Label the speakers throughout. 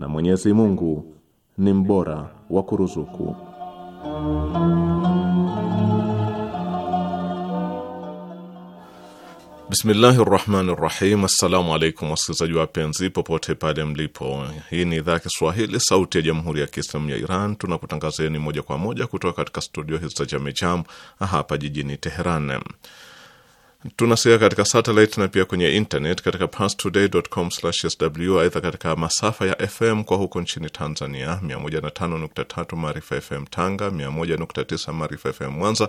Speaker 1: na Mwenyezi Mungu ni mbora wa kuruzuku. Bismillahi rahmani rahim. Assalamu alaikum wasikilizaji wapenzi, popote pale mlipo. Hii ni idhaa ya Kiswahili sauti ya jamhuri ya Kiislamu ya Iran. Tunakutangazeni moja kwa moja kutoka katika studio hizi za Jamejam hapa jijini Teheran. Tunasikia katika satellite na pia kwenye internet katika parstoday.com/sw. Aidha, katika masafa ya FM kwa huko nchini Tanzania, 105.3 Maarifa FM Tanga, 101.9 Maarifa FM Mwanza,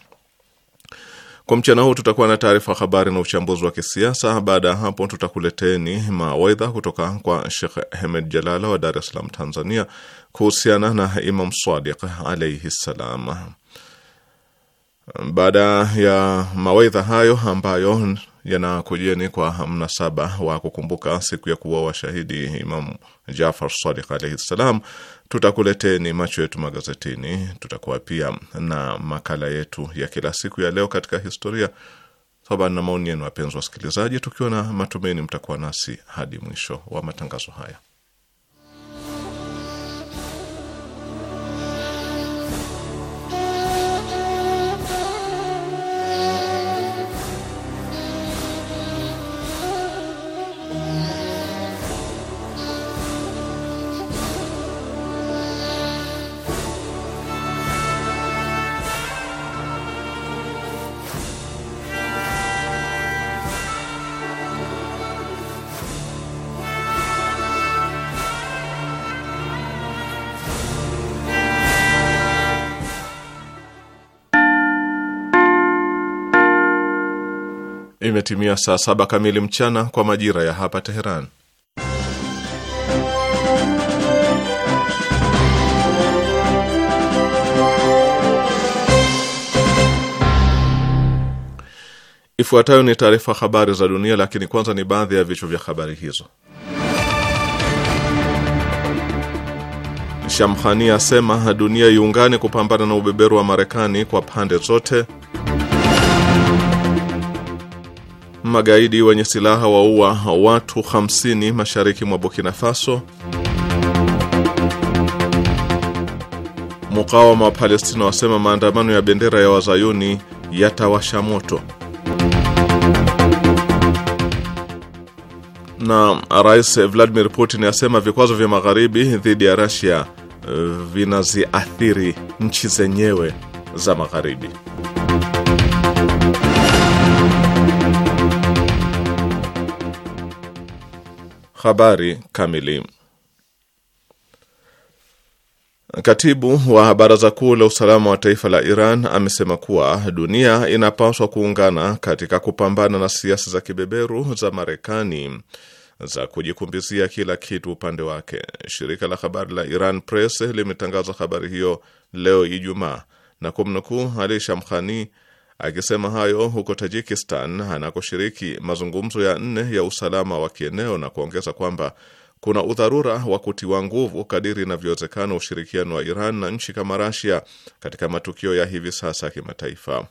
Speaker 1: Kwa mchana huu tutakuwa na taarifa habari na uchambuzi wa kisiasa. Baada ya hapo, tutakuleteni mawaidha kutoka kwa Shekh Hemed Jalala wa Dar es Salaam, Tanzania, kuhusiana na Imam Sadiq alaihi ssalam. Baada ya mawaidha hayo ambayo yanakujeni kwa mnasaba wa kukumbuka siku ya kuwa shahidi Imam Jafar Sadiq alaihi ssalam. Tutakuleteni macho yetu magazetini, tutakuwa pia na makala yetu ya kila siku ya leo katika historia saba na maoni yenu, wapenzi wasikilizaji, tukiwa na matumaini mtakuwa nasi hadi mwisho wa matangazo haya. Imetimia saa saba kamili mchana kwa majira ya hapa Teheran. Ifuatayo ni taarifa habari za dunia, lakini kwanza ni baadhi ya vichwa vya habari hizo. Shamkhani asema dunia iungane kupambana na ubeberu wa Marekani kwa pande zote. Magaidi wenye silaha waua watu 50 mashariki mwa Burkina Faso. Mukawama wa Palestina wasema maandamano ya bendera ya wazayuni yatawasha moto. Na Rais Vladimir Putin asema vikwazo vya magharibi dhidi ya Russia eh, vinaziathiri nchi zenyewe za magharibi. Habari kamili. Katibu wa Baraza Kuu la Usalama wa Taifa la Iran amesema kuwa dunia inapaswa kuungana katika kupambana na siasa za kibeberu za Marekani za kujikumbizia kila kitu upande wake. Shirika la habari la Iran Press limetangaza habari hiyo leo Ijumaa na kumnukuu Ali Shamkhani Akisema hayo huko Tajikistan anakoshiriki mazungumzo ya nne ya usalama wa kieneo na kuongeza kwamba kuna udharura wa kutiwa nguvu kadiri inavyowezekana ushirikiano wa Iran na nchi kama Rasia katika matukio ya hivi sasa ya kimataifa.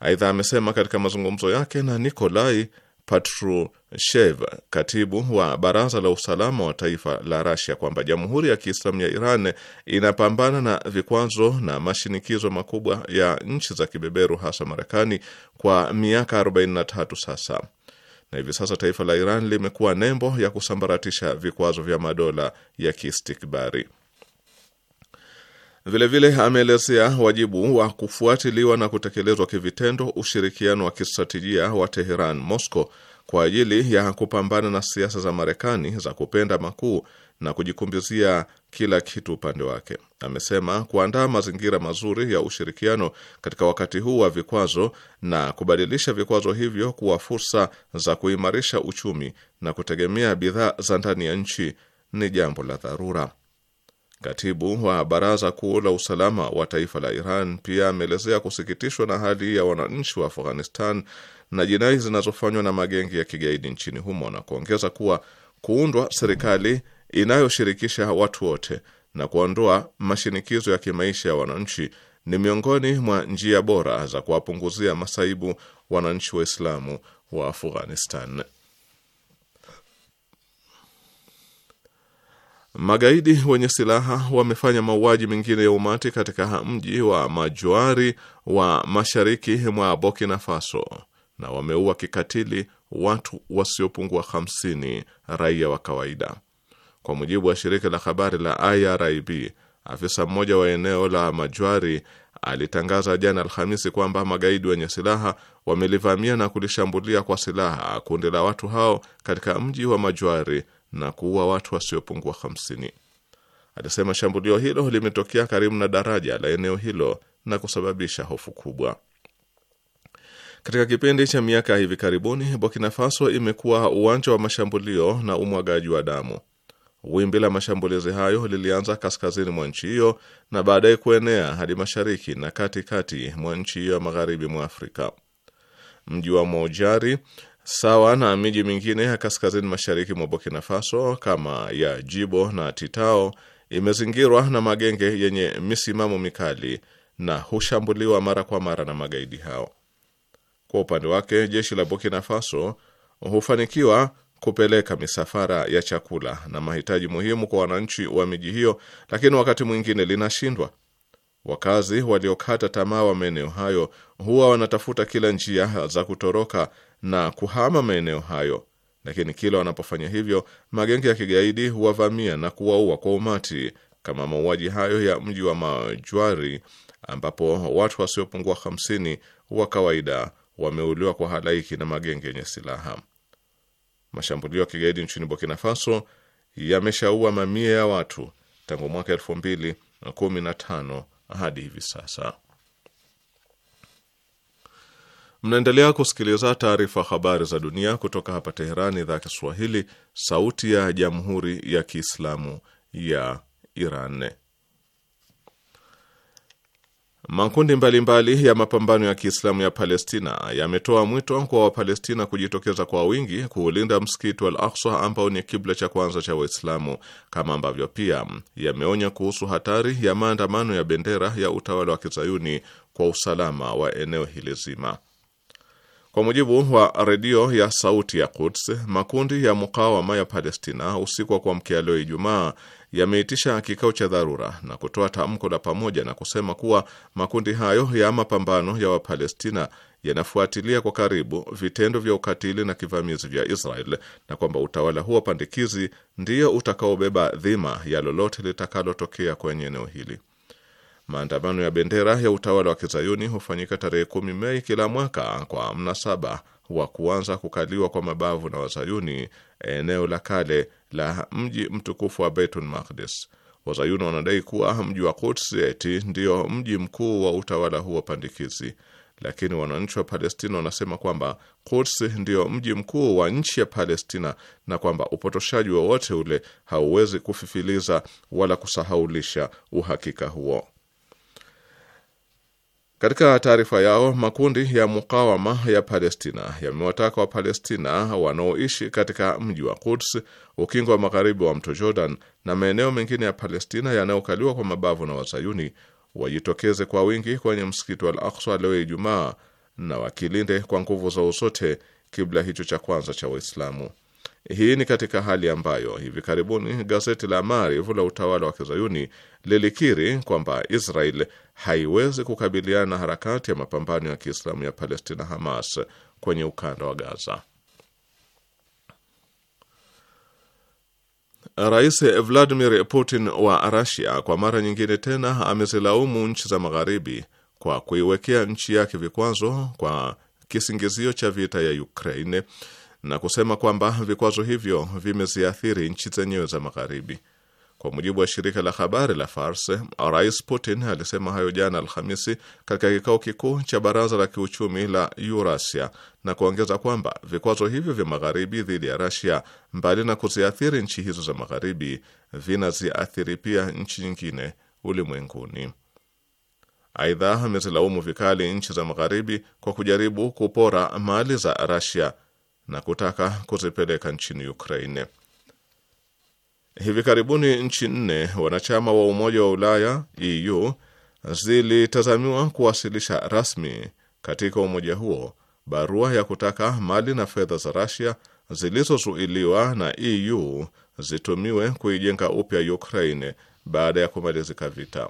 Speaker 1: Aidha amesema katika mazungumzo yake na Nikolai Patrushev, katibu wa baraza la usalama wa taifa la Rasia, kwamba jamhuri ya Kiislamu ya Iran inapambana na vikwazo na mashinikizo makubwa ya nchi za kibeberu, hasa Marekani, kwa miaka 43 sasa, na hivi sasa taifa la Iran limekuwa nembo ya kusambaratisha vikwazo vya madola ya kiistikbari. Vilevile ameelezea wajibu wa kufuatiliwa na kutekelezwa kivitendo ushirikiano wa kistratejia wa Teheran Moscow kwa ajili ya kupambana na siasa za Marekani za kupenda makuu na kujikumbizia kila kitu upande wake. Amesema kuandaa mazingira mazuri ya ushirikiano katika wakati huu wa vikwazo na kubadilisha vikwazo hivyo kuwa fursa za kuimarisha uchumi na kutegemea bidhaa za ndani ya nchi ni jambo la dharura. Katibu wa Baraza Kuu la Usalama wa Taifa la Iran pia ameelezea kusikitishwa na hali ya wananchi wa Afghanistan na jinai zinazofanywa na magengi ya kigaidi nchini humo na kuongeza kuwa kuundwa serikali inayoshirikisha watu wote na kuondoa mashinikizo ya kimaisha ya wananchi ni miongoni mwa njia bora za kuwapunguzia masaibu wananchi Waislamu wa Afghanistan. Magaidi wenye silaha wamefanya mauaji mengine ya umati katika mji wa Majuari wa mashariki mwa Burkina Faso na wameua kikatili watu wasiopungua wa 50 raia wa kawaida, kwa mujibu wa shirika la habari la IRIB. Afisa mmoja wa eneo la Majuari alitangaza jana Alhamisi kwamba magaidi wenye silaha wamelivamia na kulishambulia kwa silaha kundi la watu hao katika mji wa Majuari na kuua watu wasiopungua hamsini. Alisema shambulio hilo limetokea karibu na daraja la eneo hilo na kusababisha hofu kubwa. Katika kipindi cha miaka hivi karibuni, Burkina Faso imekuwa uwanja wa mashambulio na umwagaji wa damu. Wimbi la mashambulizi hayo lilianza kaskazini mwa nchi hiyo na baadaye kuenea hadi mashariki na katikati mwa nchi hiyo ya magharibi mwa Afrika. Mji wa Mojari sawa na miji mingine ya kaskazini mashariki mwa Burkina Faso kama ya Jibo na Titao imezingirwa na magenge yenye misimamo mikali na hushambuliwa mara kwa mara na magaidi hao. Kwa upande wake, jeshi la Burkina Faso hufanikiwa kupeleka misafara ya chakula na mahitaji muhimu kwa wananchi wa miji hiyo, lakini wakati mwingine linashindwa. Wakazi waliokata tamaa wa maeneo hayo huwa wanatafuta kila njia za kutoroka na kuhama maeneo hayo, lakini kila wanapofanya hivyo magenge ya kigaidi huwavamia na kuwaua kwa umati, kama mauaji hayo ya mji wa Majwari ambapo watu wasiopungua 50 wa kawaida wameuliwa kwa halaiki na magenge yenye silaha. Mashambulio ya kigaidi nchini Burkina Faso yameshaua mamia ya watu tangu mwaka 2015 hadi hivi sasa. Mnaendelea kusikiliza taarifa habari za dunia kutoka hapa Teherani, idhaa ya Kiswahili, sauti ya jamhuri ya kiislamu ya Iran. Makundi mbalimbali mbali ya mapambano ya kiislamu ya Palestina yametoa mwito kwa Wapalestina kujitokeza kwa wingi kuulinda msikiti wa Al Aksa ambao ni kibla cha kwanza cha Waislamu, kama ambavyo pia yameonya kuhusu hatari ya maandamano ya bendera ya utawala wa kizayuni kwa usalama wa eneo hili zima. Kwa mujibu wa redio ya sauti ya Quds, makundi ya mukawama ya Palestina usiku wa kuamkia leo Ijumaa yameitisha kikao cha dharura na kutoa tamko la pamoja na kusema kuwa makundi hayo ya mapambano ya Wapalestina yanafuatilia kwa karibu vitendo vya ukatili na kivamizi vya Israel na kwamba utawala huo pandikizi ndiyo utakaobeba dhima ya lolote litakalotokea kwenye eneo hili. Maandamano ya bendera ya utawala wa kizayuni hufanyika tarehe kumi Mei kila mwaka kwa mnasaba wa kuanza kukaliwa kwa mabavu na wazayuni eneo la kale la mji mtukufu wa Beitul Maqdis. Wazayuni wanadai kuwa mji wa Quds eti ndio mji mkuu wa utawala huo pandikizi, lakini wananchi wa Palestina wanasema kwamba Quds ndio mji mkuu wa nchi ya Palestina na kwamba upotoshaji wowote ule hauwezi kufifiliza wala kusahaulisha uhakika huo. Katika taarifa yao makundi ya mukawama ya Palestina yamewataka Wapalestina wanaoishi katika mji wa Quds, ukingo wa magharibi wa mto Jordan na maeneo mengine ya Palestina yanayokaliwa kwa mabavu na Wazayuni wajitokeze kwa wingi kwenye msikiti wa Al Aksa leo Ijumaa na wakilinde kwa nguvu zao zote kibla hicho cha kwanza cha Waislamu. Hii ni katika hali ambayo hivi karibuni gazeti la Maariv la utawala wa kizayuni lilikiri kwamba Israel haiwezi kukabiliana na harakati ya mapambano ya kiislamu ya Palestina, Hamas, kwenye ukanda wa Gaza. Rais Vladimir Putin wa rasia kwa mara nyingine tena amezilaumu nchi za magharibi kwa kuiwekea nchi yake vikwazo kwa kisingizio cha vita ya Ukraine na kusema kwamba vikwazo hivyo vimeziathiri nchi zenyewe za Magharibi. Kwa mujibu wa shirika la habari la Fars, Rais Putin alisema hayo jana Alhamisi katika kikao kikuu cha baraza la kiuchumi la Urasia na kuongeza kwamba vikwazo hivyo vya Magharibi dhidi ya Rasia, mbali na kuziathiri nchi hizo za Magharibi, vinaziathiri pia nchi nyingine ulimwenguni. Aidha, amezilaumu vikali nchi za Magharibi kwa kujaribu kupora mali za Rasia na kutaka kuzipeleka nchini Ukraine. Hivi karibuni nchi nne wanachama wa Umoja wa Ulaya EU zilitazamiwa kuwasilisha rasmi katika umoja huo barua ya kutaka mali na fedha za Russia zilizozuiliwa na EU zitumiwe kuijenga upya Ukraine baada ya kumalizika vita.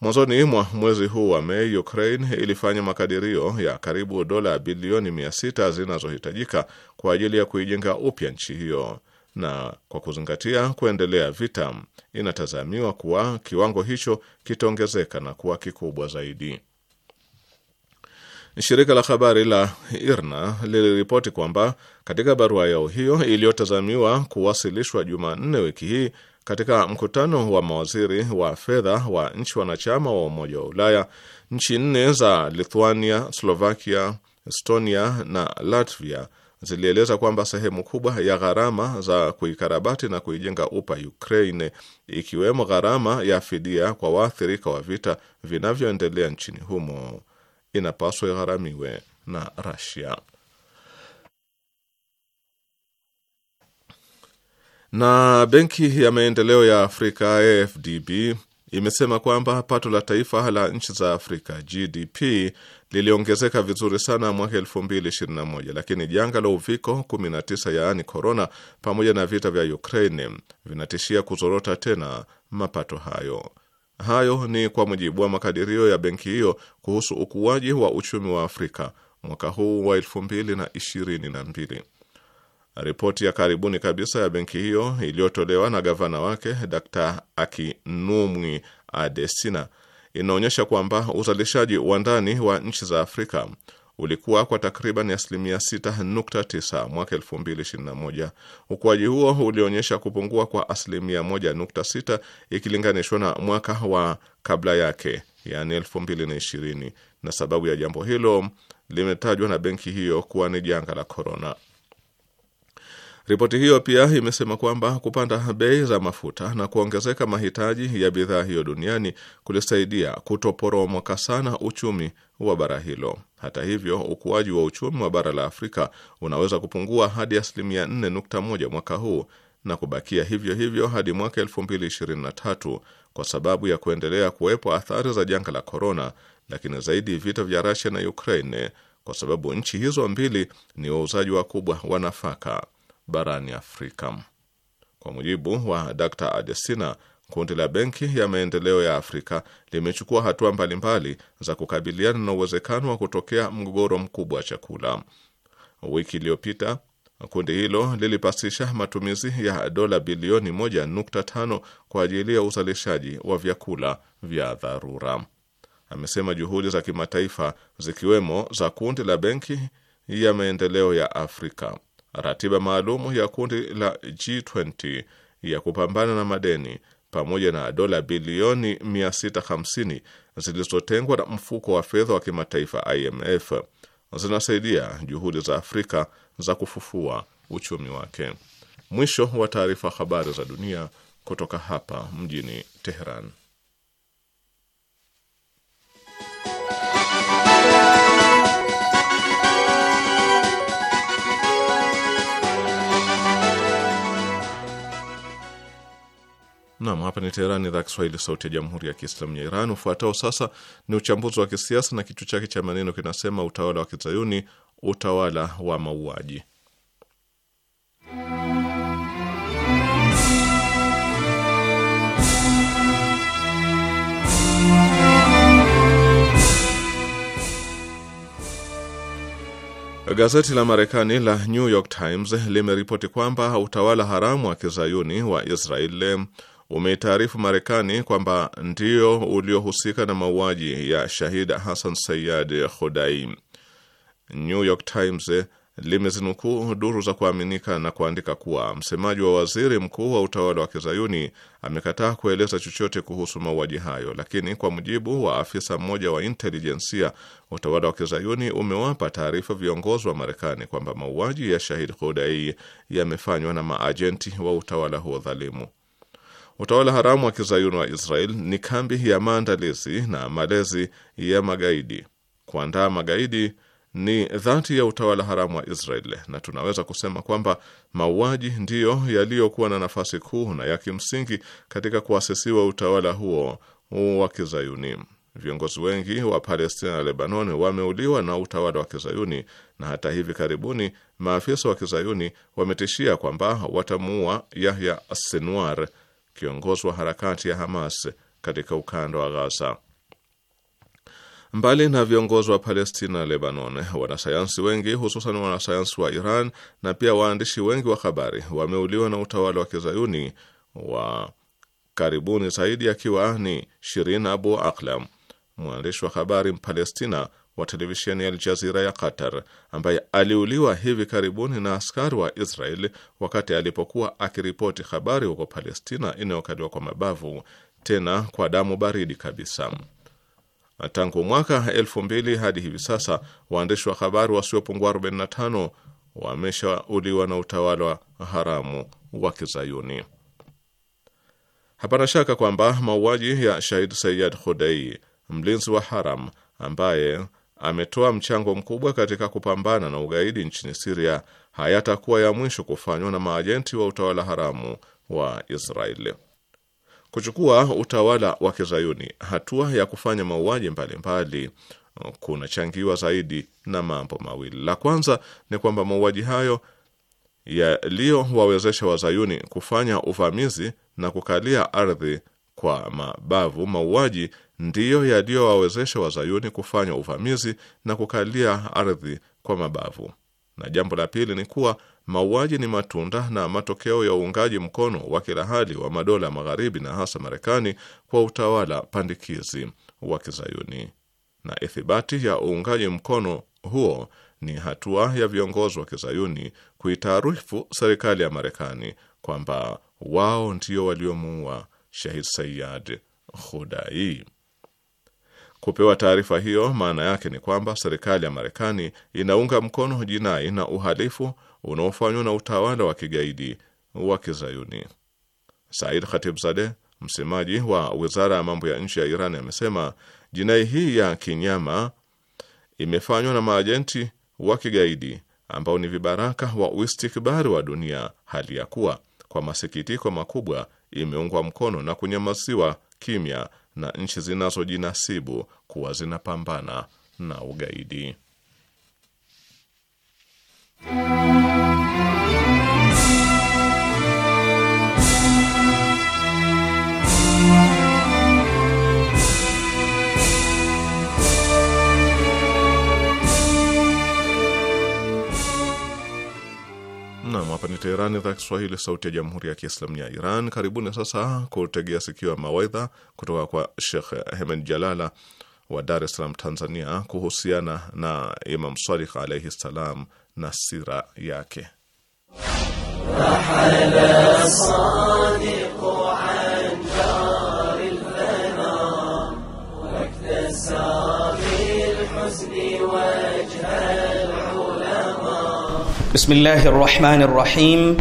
Speaker 1: Mwanzoni mwa mwezi huu wa Mei, Ukraine ilifanya makadirio ya karibu dola bilioni 600 zinazohitajika kwa ajili ya kuijenga upya nchi hiyo, na kwa kuzingatia kuendelea vita, inatazamiwa kuwa kiwango hicho kitaongezeka na kuwa kikubwa zaidi. Shirika la habari la IRNA liliripoti kwamba katika barua yao hiyo iliyotazamiwa kuwasilishwa Jumanne wiki hii katika mkutano wa mawaziri wa fedha wa nchi wanachama wa Umoja wa Ulaya, nchi nne za Lithuania, Slovakia, Estonia na Latvia zilieleza kwamba sehemu kubwa ya gharama za kuikarabati na kuijenga upa Ukraine, ikiwemo gharama ya fidia kwa waathirika wa vita vinavyoendelea nchini humo, inapaswa igharamiwe na Russia. Na Benki ya Maendeleo ya Afrika AFDB imesema kwamba pato la taifa la nchi za Afrika GDP liliongezeka vizuri sana mwaka 2021 lakini janga la uviko 19 yaani corona, pamoja na vita vya Ukraine vinatishia kuzorota tena mapato hayo. Hayo ni kwa mujibu wa makadirio ya benki hiyo kuhusu ukuaji wa uchumi wa Afrika mwaka huu wa 2022. Ripoti ya karibuni kabisa ya benki hiyo iliyotolewa na gavana wake Dr. akinumwi Adesina inaonyesha kwamba uzalishaji wa ndani wa nchi za Afrika ulikuwa kwa takriban asilimia 6.9 mwaka 2021. Ukuaji huo ulionyesha kupungua kwa asilimia 1.6 ikilinganishwa na mwaka wa kabla yake, yani 2020, na sababu ya jambo hilo limetajwa na benki hiyo kuwa ni janga la korona. Ripoti hiyo pia imesema kwamba kupanda bei za mafuta na kuongezeka mahitaji ya bidhaa hiyo duniani kulisaidia kutoporomoka sana uchumi wa bara hilo. Hata hivyo, ukuaji wa uchumi wa bara la Afrika unaweza kupungua hadi asilimia 4.1 mwaka huu na kubakia hivyo hivyo hadi mwaka 2023 kwa sababu ya kuendelea kuwepo athari za janga la korona, lakini zaidi vita vya Russia na Ukraine, kwa sababu nchi hizo mbili ni wauzaji wakubwa wa nafaka barani Afrika. Kwa mujibu wa Dr Adesina, kundi la Benki ya Maendeleo ya Afrika limechukua hatua mbalimbali za kukabiliana na uwezekano wa kutokea mgogoro mkubwa wa chakula. Wiki iliyopita kundi hilo lilipasisha matumizi ya dola bilioni 1.5 kwa ajili ya uzalishaji wa vyakula vya dharura. Amesema juhudi za kimataifa zikiwemo za kundi la Benki ya Maendeleo ya Afrika ratiba maalum ya kundi la G20 ya kupambana na madeni pamoja na dola bilioni 650 zilizotengwa na mfuko wa fedha wa kimataifa IMF zinasaidia juhudi za Afrika za kufufua uchumi wake. Mwisho wa taarifa. Habari za dunia kutoka hapa mjini Teheran. Nam, hapa ni Teherani, idhaa Kiswahili, sauti ya jamhuri ya kiislamu ya Iran. Ufuatao sasa ni uchambuzi wa kisiasa na kichwa chake cha maneno kinasema: utawala wa kizayuni, utawala wa mauaji. Gazeti la Marekani la New York Times limeripoti kwamba utawala haramu wa kizayuni wa Israeli umeitaarifu Marekani kwamba ndio uliohusika na mauaji ya shahid Hassan Sayyad Khudai. New York Times limezinukuu duru za kuaminika na kuandika kuwa msemaji wa waziri mkuu wa utawala wa kizayuni amekataa kueleza chochote kuhusu mauaji hayo, lakini kwa mujibu wa afisa mmoja wa intelijensia, utawala wa kizayuni umewapa taarifa viongozi wa Marekani kwamba mauaji ya shahid Khudai yamefanywa na maajenti wa utawala huo dhalimu. Utawala haramu wa kizayuni wa Israel ni kambi ya maandalizi na malezi ya magaidi. Kuandaa magaidi ni dhati ya utawala haramu wa Israel, na tunaweza kusema kwamba mauaji ndiyo yaliyokuwa na nafasi kuu na ya kimsingi katika kuasisiwa utawala huo wa kizayuni. Viongozi wengi wa Palestina na Lebanon wameuliwa na utawala wa kizayuni, na hata hivi karibuni maafisa wa kizayuni wametishia kwamba watamuua Yahya Sinwar kiongozi wa harakati ya Hamas katika ukanda wa Gaza. Mbali na viongozi wa Palestina na Lebanon, wanasayansi wengi hususan wanasayansi wa Iran na pia waandishi wengi wa habari wameuliwa na utawala wa kizayuni wa karibuni zaidi akiwa ni Shirin Abu Aklam, mwandishi wa habari Mpalestina wa televisheni ya Aljazira ya Qatar ambaye aliuliwa hivi karibuni na askari wa Israel wakati alipokuwa akiripoti habari huko Palestina inayokaliwa kwa mabavu, tena kwa damu baridi kabisa. Tangu mwaka elfu mbili hadi hivi sasa waandishi wa habari wasiopungua 45 wameshauliwa na utawala haramu wa Kizayuni. Hapana shaka kwamba mauaji ya Shahid Sayyad Khudai, mlinzi wa haram ambaye ametoa mchango mkubwa katika kupambana na ugaidi nchini Siria hayatakuwa ya mwisho kufanywa na maajenti wa utawala haramu wa Israeli. Kuchukua utawala wa kizayuni hatua ya kufanya mauaji mbalimbali kunachangiwa zaidi na mambo mawili. La kwanza ni kwamba mauaji hayo yaliyowawezesha wazayuni kufanya uvamizi na kukalia ardhi kwa mabavu, mauaji ndiyo yaliyowawezesha wazayuni kufanya uvamizi na kukalia ardhi kwa mabavu. Na jambo la pili ni kuwa mauaji ni matunda na matokeo ya uungaji mkono wa kila hali wa madola magharibi na hasa Marekani kwa utawala pandikizi wa kizayuni. Na ithibati ya uungaji mkono huo ni hatua ya viongozi wa kizayuni kuitaarifu serikali ya Marekani kwamba wao ndio waliomuua Shahid Sayyad Khudai. Kupewa taarifa hiyo maana yake ni kwamba serikali ya Marekani inaunga mkono jinai na uhalifu unaofanywa na utawala wa kigaidi wa Kizayuni. Said Khatibzadeh, msemaji wa wizara ya mambo ya nje ya Iran, amesema jinai hii ya kinyama imefanywa na maajenti wa kigaidi ambao ni vibaraka wa uistikbari wa dunia, hali ya kuwa kwa masikitiko makubwa imeungwa mkono na kunyamaziwa kimya na nchi zinazojinasibu kuwa zinapambana na ugaidi. Hapa ni Teheran, idhaa Kiswahili, sauti ya jamhuri ya kiislamu ya Iran. Karibuni sasa kutegea sikio ya mawaidha kutoka kwa Shekh Hemed Jalala wa Dar es Salaam, Tanzania, kuhusiana na Imam Swadikh alaihi ssalam na sira yake.
Speaker 2: بسم الله الرحمن الرحيم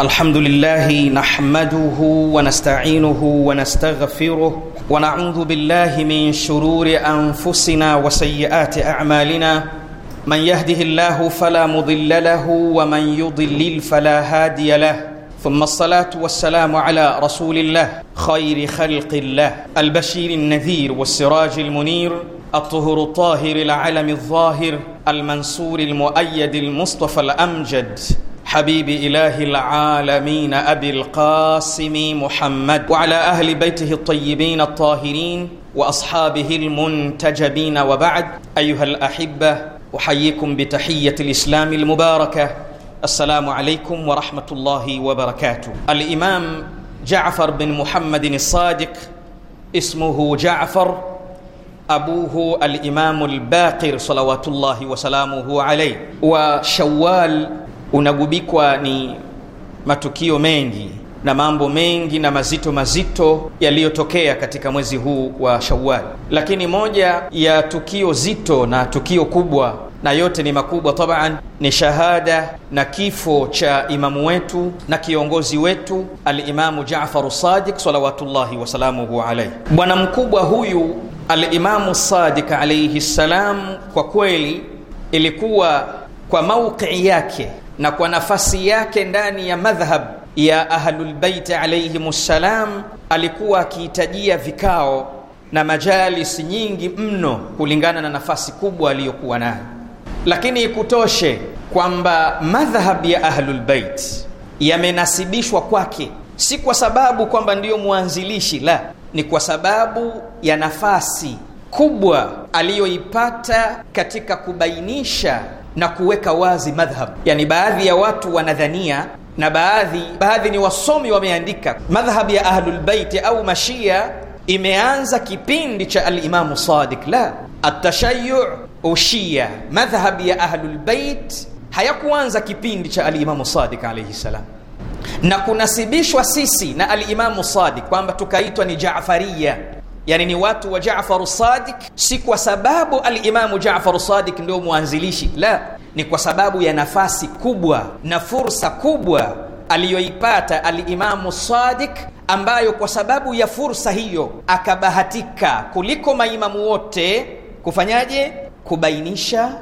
Speaker 2: الحمد لله نحمده ونستعينه ونستغفره ونعوذ بالله من شرور أنفسنا وسيئات أعمالنا من يهده الله فلا مضل له ومن يضلل فلا هادي له ثم الصلاة والسلام على رسول الله خير خلق الله البشير النذير والسراج المنير الطهر الطاهر العلم الظاهر المنصور المؤيد المصطفى الأمجد حبيب إله العالمين أبي القاسم محمد وعلى أهل بيته الطيبين الطاهرين وأصحابه المنتجبين وبعد أيها الأحبة أحييكم بتحية الإسلام المباركة السلام عليكم ورحمة الله وبركاته الإمام جعفر بن محمد الصادق اسمه جعفر abuhu alimamu lbaqir salawatullahi wasalamuhu alaih wa shawal unagubikwa ni matukio mengi na mambo mengi na mazito mazito yaliyotokea katika mwezi huu wa Shawwal, lakini moja ya tukio zito na tukio kubwa na yote ni makubwa taban, ni shahada na kifo cha imamu wetu na kiongozi wetu alimamu Jafaru Sadiq salawatullahi wasalamuhu alaihi. Bwana mkubwa huyu Alimamu Sadiq alayhi salam, kwa kweli ilikuwa kwa mauqii yake na kwa nafasi yake ndani ya madhhab ya Ahlulbaiti alayhim ssalam, alikuwa akihitajia vikao na majalisi nyingi mno kulingana na nafasi kubwa aliyokuwa nayo, lakini ikutoshe kwamba madhhab ya Ahlulbait yamenasibishwa kwake, si kwa sababu kwamba ndiyo mwanzilishi la ni kwa sababu ya nafasi kubwa aliyoipata katika kubainisha na kuweka wazi madhhab. Yani, baadhi ya watu wanadhania na baadhi baadhi ni wasomi wameandika, madhhab ya Ahlulbeiti au Mashia imeanza kipindi cha Alimamu Sadiq. La, atashayu ushia madhhab ya Ahlulbeit hayakuanza kipindi cha Alimamu Sadiq alaihi salam na kunasibishwa sisi na alimamu Sadiq kwamba tukaitwa ni jafaria yani ni watu wa Jaafaru Sadiq, si kwa sababu alimamu Jaafaru Sadiq ndio mwanzilishi, la, ni kwa sababu ya nafasi kubwa na fursa kubwa aliyoipata alimamu Sadiq, ambayo kwa sababu ya fursa hiyo akabahatika kuliko maimamu wote kufanyaje? Kubainisha,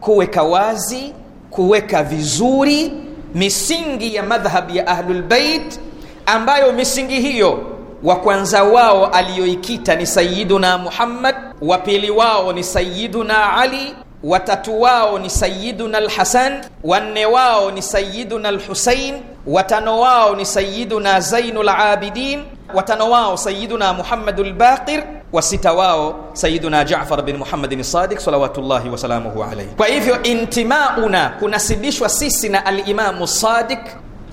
Speaker 2: kuweka wazi, kuweka vizuri misingi ya madhhabi ya ahlulbeit ambayo misingi hiyo wa kwanza wao aliyoikita ni sayiduna muhammad wa pili wao ni sayiduna ali watatu wao ni sayiduna lhasan wanne wao ni sayiduna lhusain watano wao ni sayiduna zainu labidin watano wao sayiduna muhammadu lbaqir wasita wao Sayyiduna Jaafar bin bin Sadiq salawatullahi wasalamuhu alayhi. Kwa hivyo intimauna, kunasibishwa sisi na Alimamu Sadiq,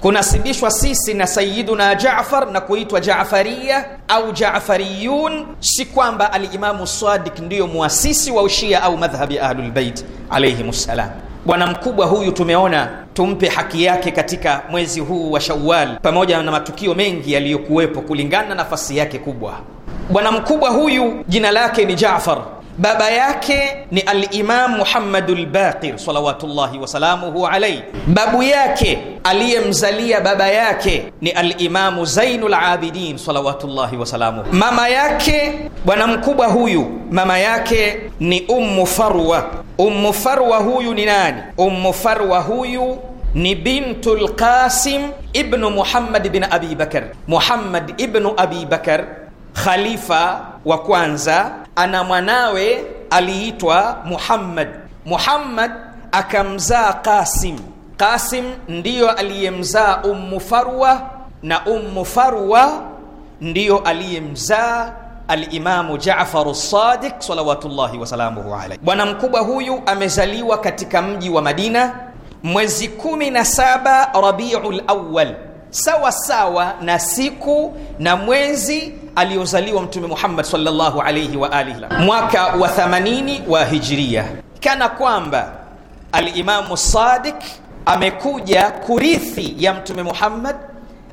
Speaker 2: kunasibishwa sisi na Sayyiduna Jaafar na kuitwa Jaafaria au Jaafariyun, si kwamba Alimamu Sadiq ndiyo muasisi wa ushia au madhhabi Bait alaihim ssalam. Bwana mkubwa huyu tumeona tumpe haki yake katika mwezi huu wa Shawwal, pamoja na matukio mengi yaliyokuwepo kulingana na nafasi yake kubwa bwana mkubwa huyu jina lake ni Jaafar baba yake ni al-Imam Muhammad al-Baqir salawatullahi wasalamuhu alayhi. Babu yake aliyemzalia baba yake ni al-Imam Zainul salawatullahi wasalamuhu. Mama yake bwana mkubwa huyu, mama yake ni Ummu Farwa. Ummu Farwa huyu ni nani? Ummu Farwa huyu ni bintu al-Qasim Muhammad ibn Abi Bakar, Muhammad ibn Abi Bakar khalifa wa kwanza ana mwanawe aliitwa Muhammad. Muhammad akamzaa Qasim. Qasim ndiyo aliyemzaa Ummu Farwa na Ummu Farwa ndiyo aliyemzaa Alimamu Jafaru Sadiq salawatullahi wasalamuhu alaihi. Bwana mkubwa huyu amezaliwa katika mji wa Madina mwezi kumi 17 Rabiul Awwal, sawa sawa na siku na mwezi aliyozaliwa Mtume Muhammad sallallahu alayhi wa alihi mwaka wa 80 wa Hijria, kana kwamba Alimamu Sadiq amekuja kurithi ya Mtume Muhammad,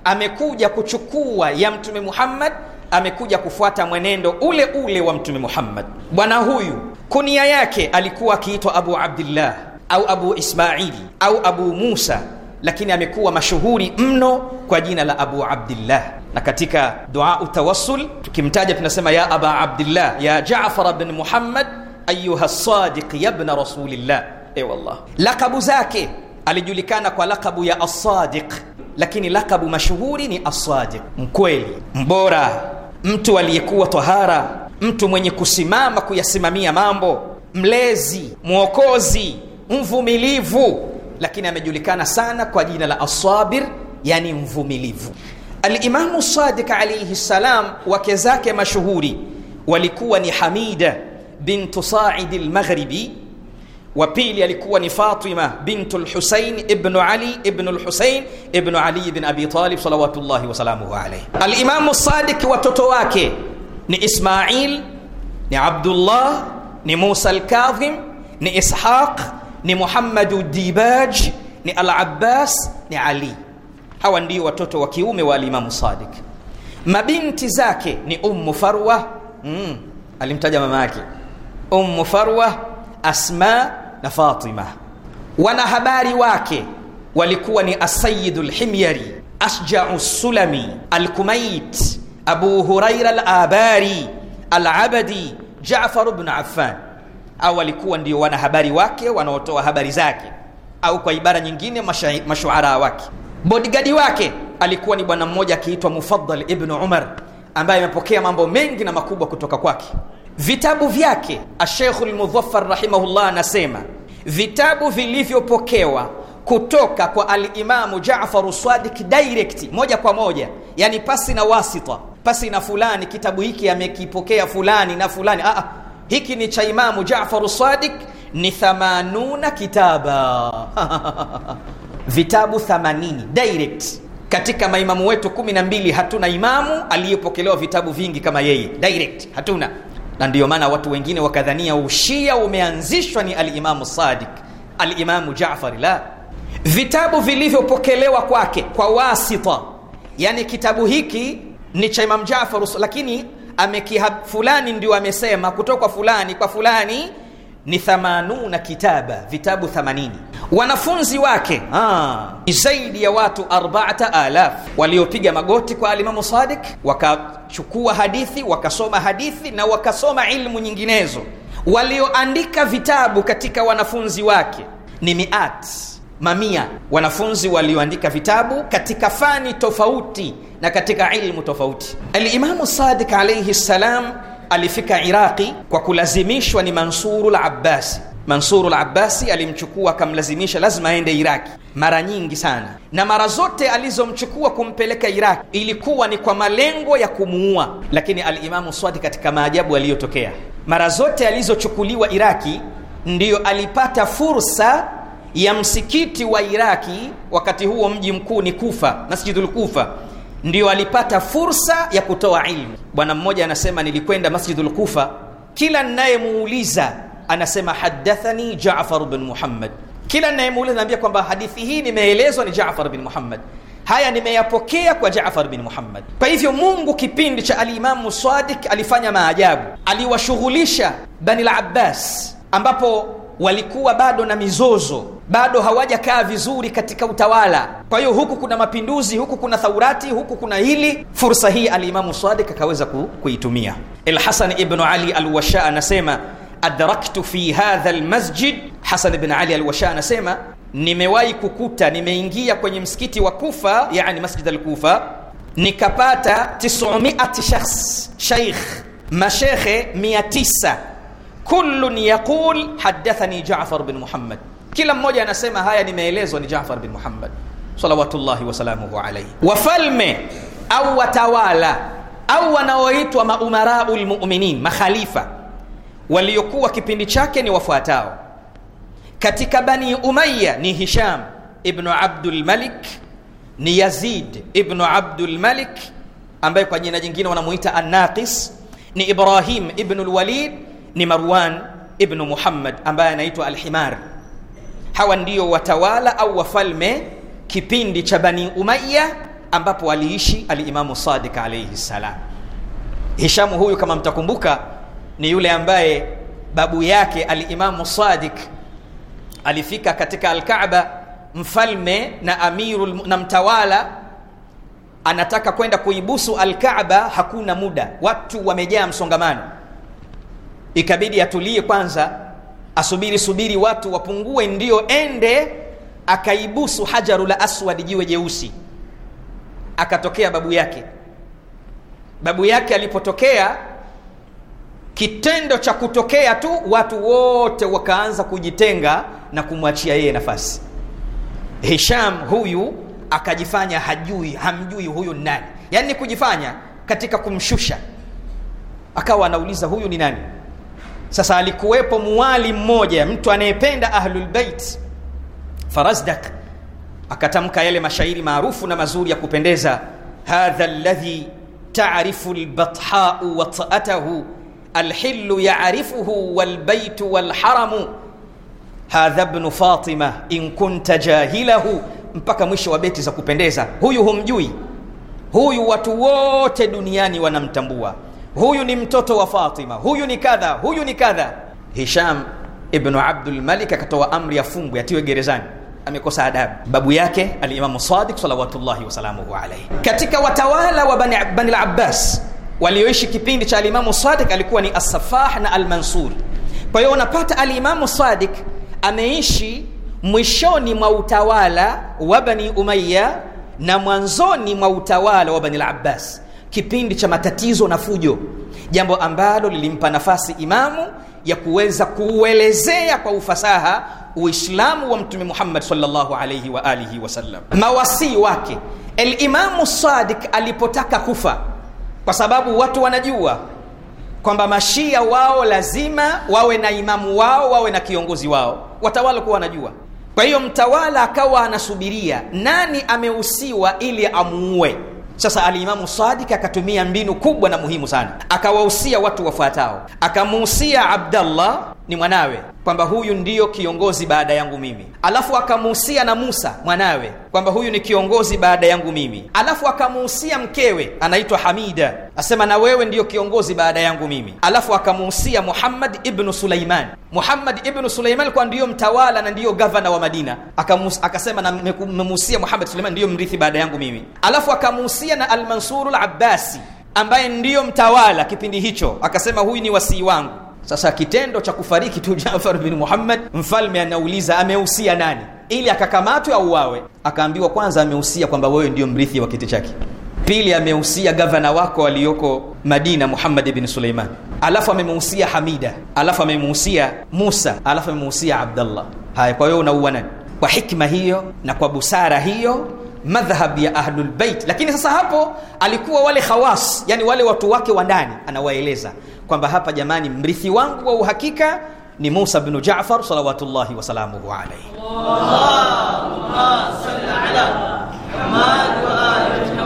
Speaker 2: amekuja kuchukua ya Mtume Muhammad, amekuja kufuata mwenendo ule ule wa Mtume Muhammad. Bwana huyu kunia yake alikuwa akiitwa Abu Abdillah au Abu Ismaili au Abu Musa, lakini amekuwa mashuhuri mno kwa jina la Abu Abdillah na katika dua utawassul tukimtaja tunasema ya aba abdillah ya Jaafar bin Muhammad ayuha sadiq ya ibn rasulillah. E wallah, lakabu zake alijulikana kwa lakabu ya as lakini lakabu mashuhuri ni as mkweli, mbora, mtu aliyekuwa tahara, mtu mwenye kusimama kuyasimamia mambo, mlezi, mwokozi, mvumilivu, lakini amejulikana sana kwa jina la assabir yani mvumilivu. Alimamu Sadiq alayhi salam, wake zake mashuhuri walikuwa ni Hamida bintu Saidi al-Maghribi, wa pili alikuwa ni Fatima bintu al-Husayn ibn Ali ibn al-Husayn ibn Ali ibn Abi Talib salawatullahi wa salamuhu alayhi. Alimamu Sadiq, watoto wake ni Ismail, ni Abdullah, ni Musa al-Kadhim, ni Ishaq, ni Muhammadu Dibaj, ni Al-Abbas, ni Ali hawa ndio watoto wa kiume wa alimamu Sadiq. Mabinti zake ni Ummu Farwa mm, alimtaja mama yake Ummu Farwa, Asma na Fatima. Wanahabari wake walikuwa ni Asayidu Lhimyari, Asjau Sulami, Alkumait, Abu Huraira Alabari, Alabadi, Jafar bnu Affan. Au walikuwa ndio wanahabari wake wanaotoa habari zake, au kwa ibara nyingine mashuara wake bodigadi wake alikuwa ni bwana mmoja akiitwa Mufaddal ibn Umar ambaye amepokea mambo mengi na makubwa kutoka kwake. Vitabu vyake Asheikhul Mudhaffar rahimahullah anasema vitabu vilivyopokewa kutoka kwa alimamu Jafaru Sadiq direct, moja kwa moja, yani pasi na wasita, pasi na fulani, kitabu hiki amekipokea fulani na fulani. Aa, ah, ah, hiki ni cha imamu Jafaru Sadiq ni thamanuna kitaba vitabu 80 direct katika maimamu wetu 12 hatuna imamu aliyepokelewa vitabu vingi kama yeye direct hatuna na ndiyo maana watu wengine wakadhania ushia umeanzishwa ni alimamu sadik alimamu jafari la vitabu vilivyopokelewa kwake kwa wasita yani kitabu hiki ni cha imam jafar lakini amekiha fulani ndio amesema kutoka fulani kwa fulani ni thamanuna kitaba, vitabu 80. Wanafunzi wake ah. ni zaidi ya watu arba'ata alaf waliopiga magoti kwa alimamu sadik wakachukua hadithi, wakasoma hadithi na wakasoma ilmu nyinginezo. Walioandika vitabu katika wanafunzi wake ni miat, mamia wanafunzi walioandika vitabu katika fani tofauti na katika ilmu tofauti. Alimamu Sadik alaihi salam alifika Iraqi kwa kulazimishwa ni Mansuru labasi abbasi Mansuru labasi abbasi alimchukua akamlazimisha lazima aende Iraki mara nyingi sana, na mara zote alizomchukua kumpeleka Iraki ilikuwa ni kwa malengo ya kumuua. Lakini al-Imamu Swadi, katika maajabu aliyotokea, mara zote alizochukuliwa Iraki ndiyo alipata fursa ya msikiti wa Iraki, wakati huo mji mkuu ni Kufa, Masjidul Kufa ndio alipata fursa ya kutoa ilmu. Bwana mmoja anasema nilikwenda Masjidul Kufa, kila ninayemuuliza anasema hadathani Jaafar bin Muhammad. Kila ninayemuuliza naambia kwamba hadithi hii nimeelezwa ni Jaafar bin Muhammad, haya nimeyapokea kwa Jaafar bin Muhammad. Kwa hivyo Mungu kipindi cha alimamu sadik alifanya maajabu, aliwashughulisha Bani Abbas ambapo walikuwa bado na mizozo bado hawajakaa vizuri katika utawala. Kwa hiyo huku kuna mapinduzi, huku kuna thaurati, huku kuna hili. Fursa hii Alimamu Sadiq akaweza kuitumia. Alhasan ibnu Ali Alwasha anasema adraktu fi hadha almasjid. Hasan ibn Ali Alwasha anasema nimewahi kukuta, nimeingia kwenye msikiti wa Kufa, yani masjid alkufa, nikapata 900 shakhs, sheikh mashekhe 900 kullun yaqul hadathani Jaafar bin Muhammad kila mmoja anasema haya nimeelezwa ni Jaafar bin Muhammad salawatullahi wasalamuhu alaihi. Wafalme au watawala au wanaoitwa maumarau lmuminin, makhalifa waliokuwa kipindi chake ni wafuatao: katika Bani Umayya ni Hisham ibnu Abdul ni Yazid ibnu abdulmalik ambaye kwa jina jingine wanamuita Annaqis, ni Ibrahim ibnu Lwalid, ni Marwan ibnu Muhammad ambaye anaitwa Alhimar hawa ndio watawala au wafalme kipindi cha bani umayya ambapo aliishi alimamu sadik alaihi salam hishamu huyu kama mtakumbuka ni yule ambaye babu yake alimamu sadik alifika katika alkaaba mfalme na amiru na mtawala anataka kwenda kuibusu alkaaba hakuna muda watu wamejaa msongamano ikabidi atulie kwanza asubiri subiri watu wapungue, ndiyo ende akaibusu hajaru la aswadi, jiwe jeusi. Akatokea babu yake. Babu yake alipotokea, kitendo cha kutokea tu watu wote wakaanza kujitenga na kumwachia yeye nafasi. Hisham huyu akajifanya hajui, hamjui huyu nani, yaani kujifanya katika kumshusha, akawa anauliza huyu ni nani sasa alikuwepo muwali mmoja mtu anayependa ahlul bait farazdak akatamka yale mashairi maarufu na mazuri ya kupendeza hadha alladhi ta'rifu albatha'u wataatahu alhilu alhillu ya'rifuhu walbaitu walharamu hadha bnu fatima in kunta jahilahu mpaka mwisho wa beti za kupendeza huyu humjui huyu watu wote duniani wanamtambua huyu ni mtoto wa Fatima, huyu ni kadha, huyu ni kadha. Hisham ibn Abdul Malik akatoa amri ya afungwe, atiwe gerezani, amekosa adabu. Babu yake Alimamu Sadiq salawatullahi wasalamuhu alaihi, katika watawala wa Bani, Bani al-Abbas walioishi kipindi cha Alimamu Sadiq alikuwa ni Asafah na Almansur. Kwa hiyo unapata Alimamu Sadiq ameishi mwishoni mwa utawala wa Bani Umayya na mwanzoni mwa utawala wa Bani al-Abbas kipindi cha matatizo na fujo jambo ambalo lilimpa nafasi imamu ya kuweza kuuelezea kwa ufasaha uislamu wa mtume muhammad salllahu alaihi wa alihi wasallam mawasii wake alimamu sadik alipotaka kufa kwa sababu watu wanajua kwamba mashia wao lazima wawe na imamu wao wawe na kiongozi wao watawala kuwa wanajua kwa hiyo mtawala akawa anasubiria nani ameusiwa ili amuue sasa alimamu sadik akatumia mbinu kubwa na muhimu sana akawahusia watu wafuatao akamuhusia abdallah ni mwanawe kwamba huyu ndiyo kiongozi baada yangu mimi alafu akamuhusia na musa mwanawe kwamba huyu ni kiongozi baada yangu mimi alafu akamuhusia mkewe anaitwa hamida asema na wewe ndiyo kiongozi baada yangu mimi alafu akamuhusia muhammad ibnu sulaiman muhammad ibnu Sulaiman kwa ndiyo mtawala na ndiyo gavana wa madina Akamus, akasema namemuhusia muhammad Sulaiman ndiyo mrithi baada yangu mimi alafu akamuhusia na almansuru Abbasi ambaye ndiyo mtawala kipindi hicho akasema huyu ni wasii wangu sasa kitendo cha kufariki tu Jaafar bin Muhammad, mfalme anauliza amehusia nani ili akakamatwe au wawe? Akaambiwa kwanza, amehusia kwamba wewe ndio mrithi wa kiti chake. Pili, amehusia gavana wako aliyoko Madina, Muhammad bin Suleiman. Alafu amemhusia Hamida, alafu amemhusia Musa, alafu amemhusia Abdallah. Haya, kwa hiyo unaua nani? Kwa hikma hiyo na kwa busara hiyo madhhab ya ahlul bait lakini sasa hapo alikuwa wale khawas yani wale watu wake wa ndani anawaeleza kwamba hapa jamani mrithi wangu wa uhakika ni Musa bin Jaafar salawatullahi wasalamuhu alayhi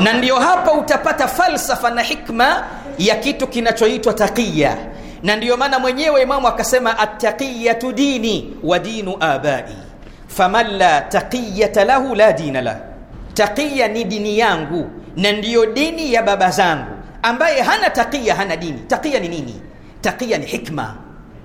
Speaker 3: na ndio hapa
Speaker 2: utapata falsafa na hikma ya kitu kinachoitwa taqiya na ndiyo maana mwenyewe imamu akasema attaqiyatu dini wa dinu abai faman la taqiyata lahu la dina lahu taqiya ni dini yangu na ndiyo dini ya baba zangu ambaye hana taqiya hana dini taqiya ni nini taqiya ni hikma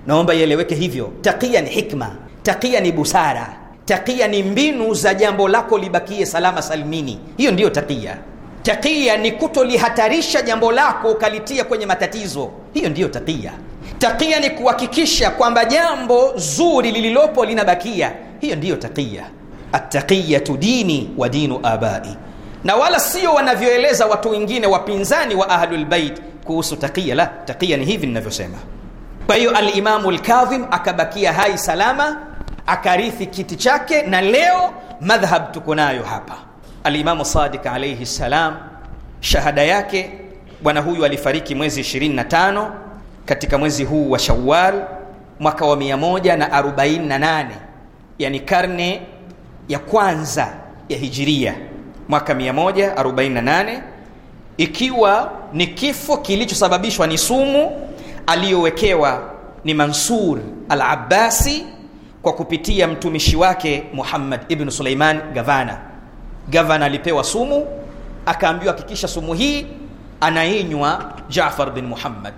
Speaker 2: naomba ieleweke hivyo taqiya ni hikma taqiya ni busara taqiya ni mbinu za jambo lako libakie salama salimini hiyo ndiyo taqiya taqiya ni kutolihatarisha jambo lako ukalitia kwenye matatizo hiyo ndiyo taqiya taqiya ni kuhakikisha kwamba jambo zuri lililopo linabakia hiyo ndiyo taqiya attaqiyatu dini wa dinu abai na wala sio wanavyoeleza watu wengine wapinzani wa ahlul bait kuhusu taqiya la taqiya ni hivi ninavyosema kwa hiyo alimamu lkadhim akabakia hai salama akarithi kiti chake na leo madhhab tuko nayo hapa alimamu Sadiq alayhi salam shahada yake bwana huyu alifariki mwezi 25 katika mwezi huu wa shawal mwaka wa 148 yani karne ya kwanza ya hijiria mwaka 148 ikiwa ni kifo kilichosababishwa ni sumu aliyowekewa ni Mansur al-Abbasi kwa kupitia mtumishi wake Muhammad ibn Suleiman gavana. Gavana alipewa sumu, akaambiwa hakikisha sumu hii anainywa Jaafar bin Muhammad,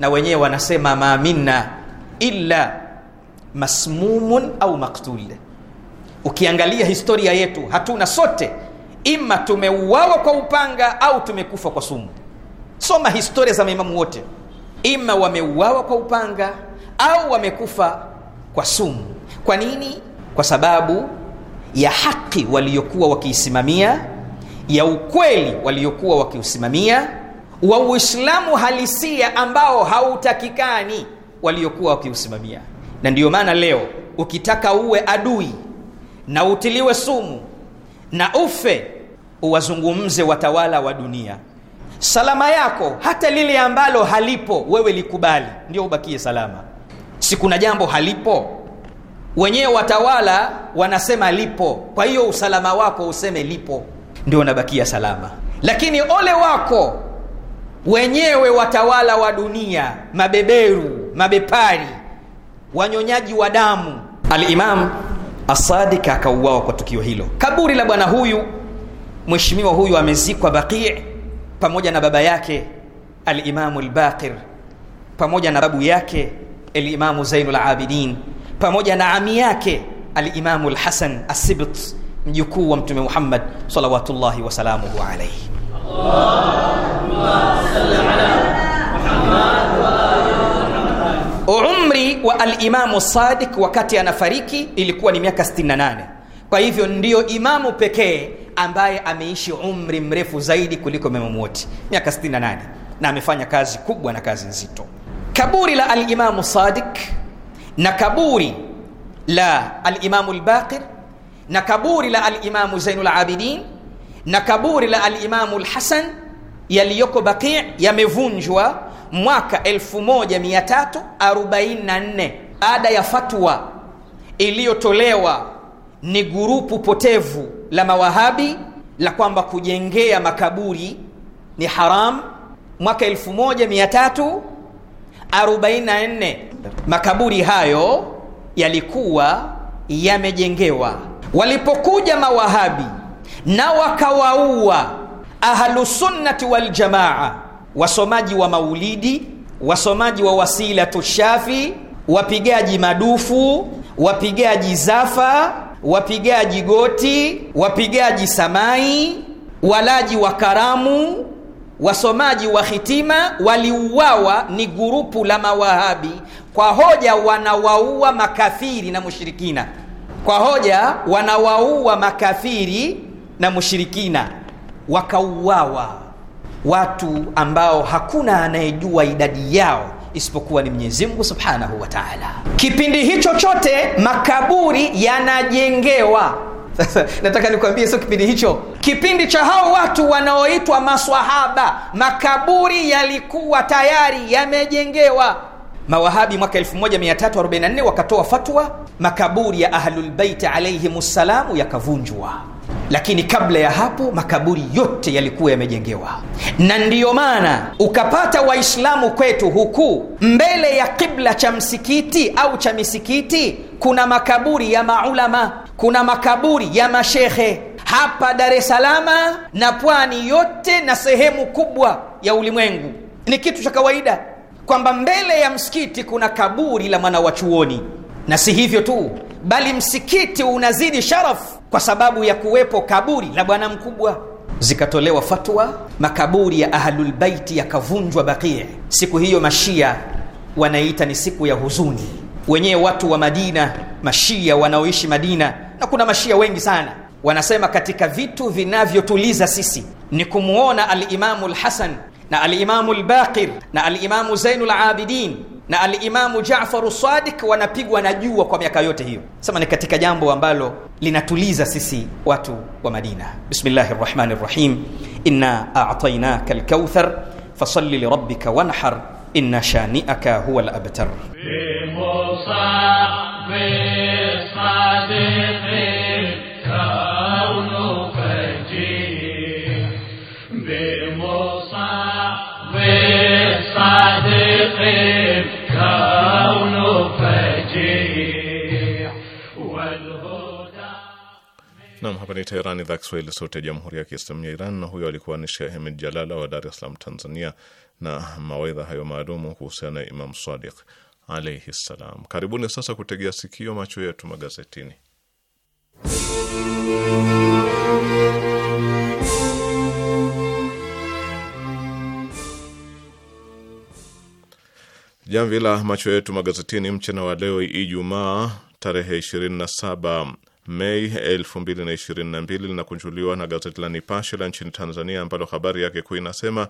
Speaker 2: na wenyewe wanasema ma minna illa masmumun au maktul ukiangalia historia yetu hatuna sote ima tumeuawa kwa upanga au tumekufa kwa sumu soma historia za maimamu wote ima wameuawa kwa upanga au wamekufa kwa sumu kwa nini kwa sababu ya haki waliokuwa wakiisimamia ya ukweli waliokuwa wakiusimamia wa uislamu halisia ambao hautakikani waliokuwa wakiusimamia na ndiyo maana leo ukitaka uwe adui na utiliwe sumu na ufe, uwazungumze watawala wa dunia. Salama yako hata lile ambalo halipo, wewe likubali, ndio ubakie salama. Si kuna jambo halipo, wenyewe watawala wanasema lipo, kwa hiyo usalama wako useme lipo, ndio unabakia salama. Lakini ole wako wenyewe watawala wa dunia, mabeberu, mabepari, wanyonyaji wa damu. Alimam Asadik akauawa kwa tukio hilo. Kaburi la bwana huyu mheshimiwa huyu amezikwa Baqi pamoja na baba yake Alimamu Albaqir pamoja na babu yake Alimamu Zainul labidin pamoja na ami yake Alimamu Alhasan Asibt mjukuu wa Mtume Muhammad salawatullahi wasalamuhu alaihi. Allahumma wa alimamu Sadiq wakati anafariki ilikuwa ni miaka 68. Kwa hivyo ndiyo imamu pekee ambaye ameishi umri mrefu zaidi kuliko maimamu wote, miaka 68, na amefanya kazi kubwa na kazi nzito. Kaburi la alimamu Sadiq na kaburi la alimamu lbaqir na kaburi la alimamu Zainul Abidin na kaburi la alimamu Alhasan yaliyoko Baqi yamevunjwa mwaka 1344 baada ya fatwa iliyotolewa ni gurupu potevu la mawahabi la kwamba kujengea makaburi ni haram. Mwaka 1344 makaburi hayo yalikuwa yamejengewa. Walipokuja mawahabi na wakawaua Ahlusunnati Waljamaa, wasomaji wa maulidi, wasomaji wa wasilatu shafi, wapigaji madufu, wapigaji zafa, wapigaji goti, wapigaji samai, walaji wa karamu, wasomaji wa hitima waliuawa ni gurupu la mawahabi kwa hoja wanawaua makafiri na mushirikina, kwa hoja wanawaua makafiri na mushirikina wakauawa watu ambao hakuna anayejua idadi yao isipokuwa ni Mwenyezi Mungu Subhanahu wa Ta'ala. Kipindi hicho chote makaburi yanajengewa. nataka nikwambie, sio kipindi hicho, kipindi cha hao watu wanaoitwa maswahaba, makaburi yalikuwa tayari yamejengewa. Mawahabi mwaka 1344 wakatoa fatwa, makaburi ya Ahlulbeiti alaihimusalamu yakavunjwa lakini kabla ya hapo makaburi yote yalikuwa yamejengewa, na ndiyo maana ukapata Waislamu kwetu huku mbele ya kibla cha msikiti au cha misikiti kuna makaburi ya maulama, kuna makaburi ya mashehe hapa Dar es salama na pwani yote na sehemu kubwa ya ulimwengu. Ni kitu cha kawaida kwamba mbele ya msikiti kuna kaburi la mwanawachuoni, na si hivyo tu bali msikiti unazidi sharafu kwa sababu ya kuwepo kaburi la bwana mkubwa. Zikatolewa fatwa, makaburi ya Ahlulbaiti yakavunjwa Baqii. Siku hiyo Mashia wanaita ni siku ya huzuni, wenyewe watu wa Madina, Mashia wanaoishi Madina, na kuna Mashia wengi sana wanasema katika vitu vinavyotuliza sisi ni kumwona Alimamu Lhasan na Alimamu Lbaqir na Alimamu zainu labidin na alimamu Jaafar Sadiq wanapigwa na jua kwa miaka yote hiyo. Sema ni katika jambo ambalo linatuliza sisi watu wa Madina. Bismillahir Rahmanir Rahim. Inna a'tainaka al-kauthar fasalli li rabbika wanhar inna shani'aka huwa al-abtar.
Speaker 4: Hey
Speaker 1: Nam, hapa ni Teherani, idhaa Kiswahili, sauti ya jamhuri ya kiislamu ya Iran. Na huyo alikuwa ni Sheikh Hamid Jalala wa Dar es Salaam, Tanzania, na mawaidha hayo maalumu kuhusiana na Imam Sadiq alaihi ssalam. Karibuni sasa kutegea sikio, macho yetu magazetini. Jamvi la macho yetu magazetini mchana wa leo Ijumaa tarehe Mei 2022 linakunjuliwa na gazeti la Nipashe la nchini Tanzania ambalo habari yake kuu inasema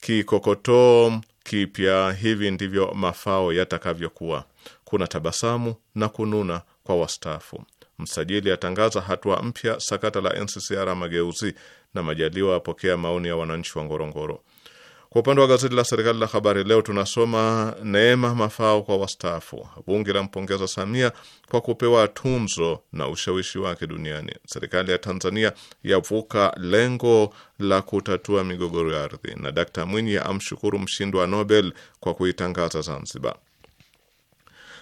Speaker 1: kikokotoo kipya, hivi ndivyo mafao yatakavyokuwa. Kuna tabasamu na kununa kwa wastaafu. Msajili atangaza hatua mpya sakata la NCCR Mageuzi, na Majaliwa apokea maoni ya wananchi wa Ngorongoro. Kwa upande wa gazeti la serikali la Habari Leo tunasoma neema mafao kwa wastaafu, bunge la mpongeza Samia kwa kupewa tunzo na ushawishi wake duniani, serikali ya Tanzania yavuka lengo la kutatua migogoro ya ardhi, na Dkt Mwinyi amshukuru mshindi wa Nobel kwa kuitangaza Zanzibar.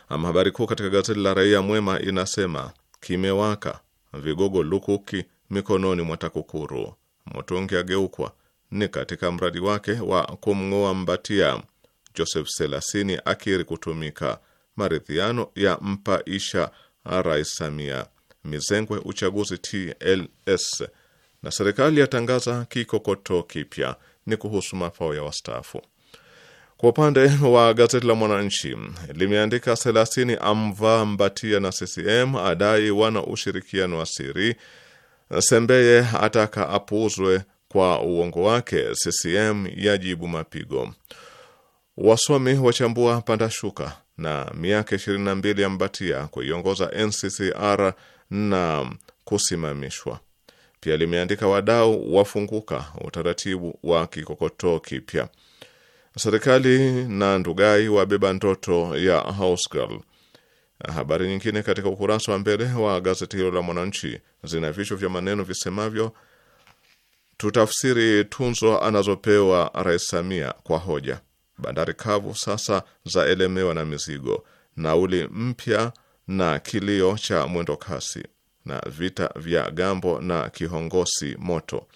Speaker 1: Ama habari kuu katika gazeti la Raia Mwema inasema kimewaka vigogo lukuki mikononi mwa TAKUKURU, Mutungi ageukwa ni katika mradi wake wa kumng'oa Mbatia. Joseph Selasini akiri kutumika maridhiano ya mpaisha Rais Samia. Mizengwe uchaguzi TLS na serikali yatangaza kikokotoo kipya ni kuhusu mafao ya wastaafu. Kwa upande wa gazeti la Mwananchi limeandika Selasini amvaa Mbatia na CCM adai wana ushirikiano wa siri. Sembeye ataka apuuzwe kwa uongo wake CCM yajibu mapigo, wasomi wachambua panda shuka na miaka 22 ya Mbatia kuiongoza NCCR na kusimamishwa. Pia limeandika wadau wafunguka utaratibu wa kikokotoo kipya, serikali na Ndugai wabeba ndoto ya house girl. Habari nyingine katika ukurasa wa mbele wa gazeti hilo la Mwananchi zina vichwa vya maneno visemavyo tutafsiri tunzo anazopewa Rais Samia kwa hoja bandari kavu sasa zaelemewa na mizigo, nauli mpya na kilio cha mwendo kasi, na vita vya Gambo na Kihongosi moto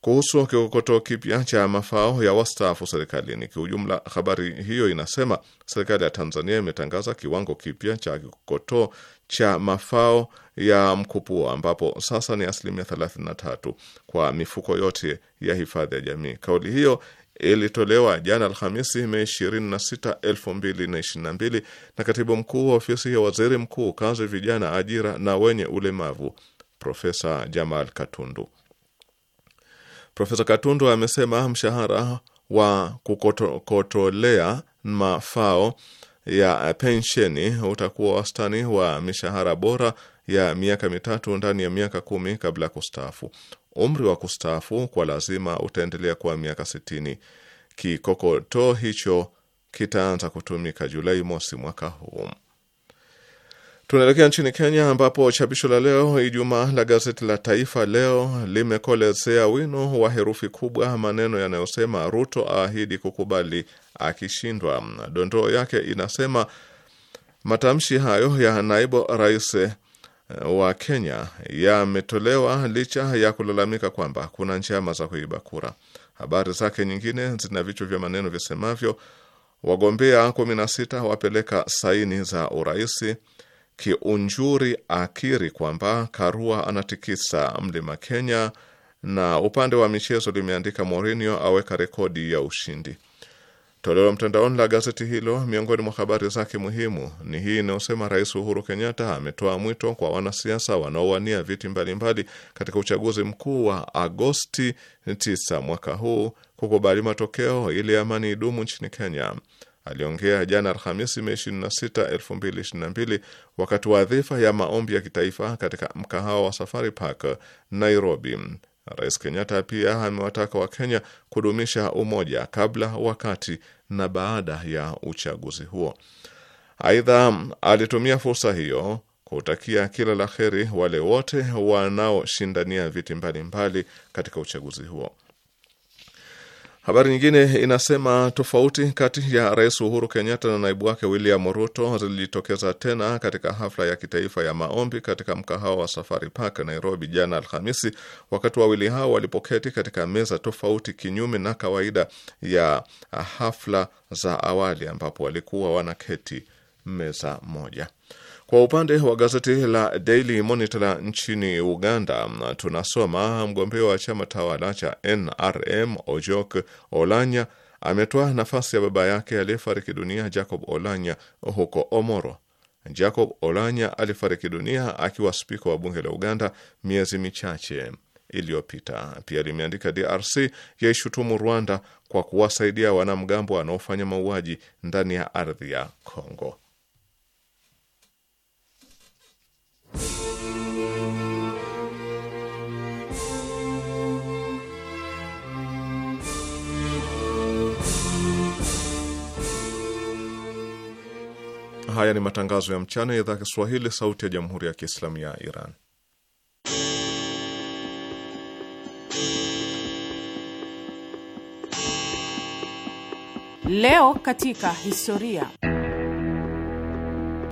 Speaker 1: kuhusu kikokotoo kipya cha mafao ya wastaafu serikalini. Kiujumla, habari hiyo inasema serikali ya Tanzania imetangaza kiwango kipya cha kikokotoo cha mafao ya mkupuo ambapo sasa ni asilimia 33 kwa mifuko yote ya hifadhi ya jamii. Kauli hiyo ilitolewa jana Alhamisi, Mei 26, 2022 na katibu mkuu wa ofisi ya waziri mkuu, kazi, vijana, ajira na wenye ulemavu, Profesa Jamal Katundu. Profesa Katundu amesema mshahara wa kukotolea mafao ya pensheni utakuwa wastani wa mishahara bora ya miaka mitatu ndani ya miaka kumi kabla ya kustaafu. Umri wa kustaafu kwa lazima utaendelea kwa miaka sitini. Kikokotoo hicho kitaanza kutumika Julai mosi mwaka huu. Tunaelekea nchini Kenya ambapo chapisho la leo Ijumaa la gazeti la Taifa Leo limekolezea wino wa herufi kubwa maneno yanayosema Ruto aahidi kukubali akishindwa. Dondoo yake inasema matamshi hayo ya naibu rais eh, wa Kenya yametolewa licha ya kulalamika kwamba kuna njama za kuiba kura. Habari zake nyingine zina vichwa vya maneno visemavyo wagombea 16 wapeleka saini za uraisi Kiunjuri akiri kwamba Karua anatikisa mlima Kenya, na upande wa michezo limeandika Mourinho aweka rekodi ya ushindi. Toleo la mtandaoni la gazeti hilo, miongoni mwa habari zake muhimu ni hii inayosema Rais Uhuru Kenyatta ametoa mwito kwa wanasiasa wanaowania viti mbalimbali katika uchaguzi mkuu wa Agosti 9 mwaka huu kukubali matokeo ili amani idumu nchini Kenya. Aliongea jana Alhamisi, Mei 26, 2022 wakati wa dhifa ya maombi ya kitaifa katika mkahawa wa Safari Park, Nairobi. Rais Kenyatta pia amewataka Wakenya kudumisha umoja kabla, wakati na baada ya uchaguzi huo. Aidha, alitumia fursa hiyo kutakia kila la heri wale wote wanaoshindania viti mbalimbali katika uchaguzi huo. Habari nyingine inasema tofauti kati ya Rais Uhuru Kenyatta na naibu wake William Ruto zilijitokeza tena katika hafla ya kitaifa ya maombi katika mkahawa wa Safari Park Nairobi jana Alhamisi, wakati wawili hao walipoketi katika meza tofauti, kinyume na kawaida ya hafla za awali ambapo walikuwa wanaketi meza moja. Kwa upande wa gazeti la Daily Monitor la nchini Uganda, tunasoma mgombea wa chama tawala cha NRM Ojok Olanya ametoa nafasi ya baba yake aliyefariki dunia Jacob Olanya huko Omoro. Jacob Olanya alifariki dunia akiwa spika wa bunge la Uganda miezi michache iliyopita. Pia limeandika DRC yaishutumu Rwanda kwa kuwasaidia wanamgambo wanaofanya mauaji ndani ya ardhi ya Kongo. Haya ni matangazo ya mchana ya idhaa ya Kiswahili, sauti ya jamhuri ya kiislamu ya Iran.
Speaker 2: Leo katika historia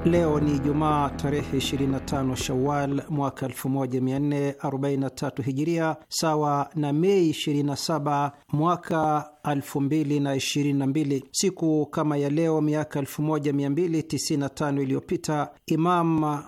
Speaker 3: Leo ni Jumaa tarehe 25 Shawal mwaka 1443 Hijiria, sawa na Mei 27 mwaka 2022. Siku kama ya leo miaka 1295 iliyopita Imam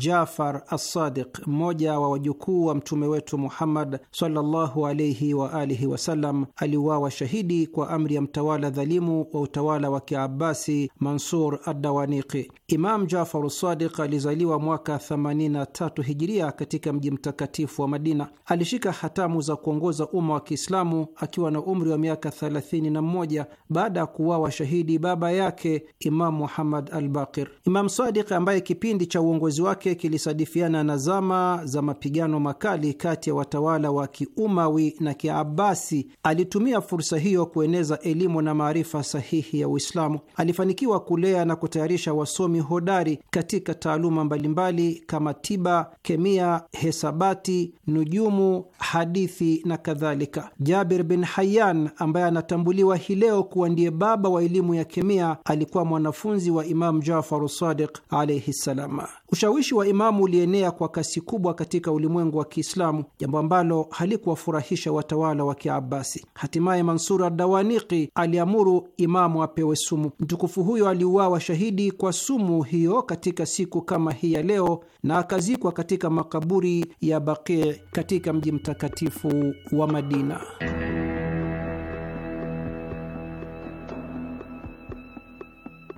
Speaker 3: Jafar Assadiq, mmoja wa wajukuu wa mtume wetu Muhammad sallallahu alaihi wa alihi wasallam, aliuawa shahidi kwa amri ya mtawala dhalimu wa utawala wa Kiabasi, Mansur adawaniki Imam Jafar Sadiq alizaliwa mwaka 83 hijiria katika mji mtakatifu wa Madina. Alishika hatamu za kuongoza umma wa Kiislamu akiwa na umri wa miaka 31 baada ya kuuawa shahidi baba yake Imam Muhammad al Baqir. Imam Sadiq ambaye kipindi cha uongozi wake kwake kilisadifiana na zama za mapigano makali kati ya watawala wa Kiumawi na Kiabasi. Alitumia fursa hiyo kueneza elimu na maarifa sahihi ya Uislamu. Alifanikiwa kulea na kutayarisha wasomi hodari katika taaluma mbalimbali kama tiba, kemia, hesabati, nujumu, hadithi na kadhalika. Jabir bin Hayyan ambaye anatambuliwa hii leo kuwa ndiye baba wa elimu ya kemia alikuwa mwanafunzi wa Imamu Jafar Sadiq alaihi ssalama. Ushawishi wa Imamu ulienea kwa kasi kubwa katika ulimwengu wa Kiislamu, jambo ambalo halikuwafurahisha watawala wa Kiabasi. Hatimaye Mansur Adawaniki aliamuru Imamu apewe sumu. Mtukufu huyo aliuawa shahidi kwa sumu hiyo katika siku kama hii ya leo na akazikwa katika makaburi ya Baqi katika mji mtakatifu wa Madina.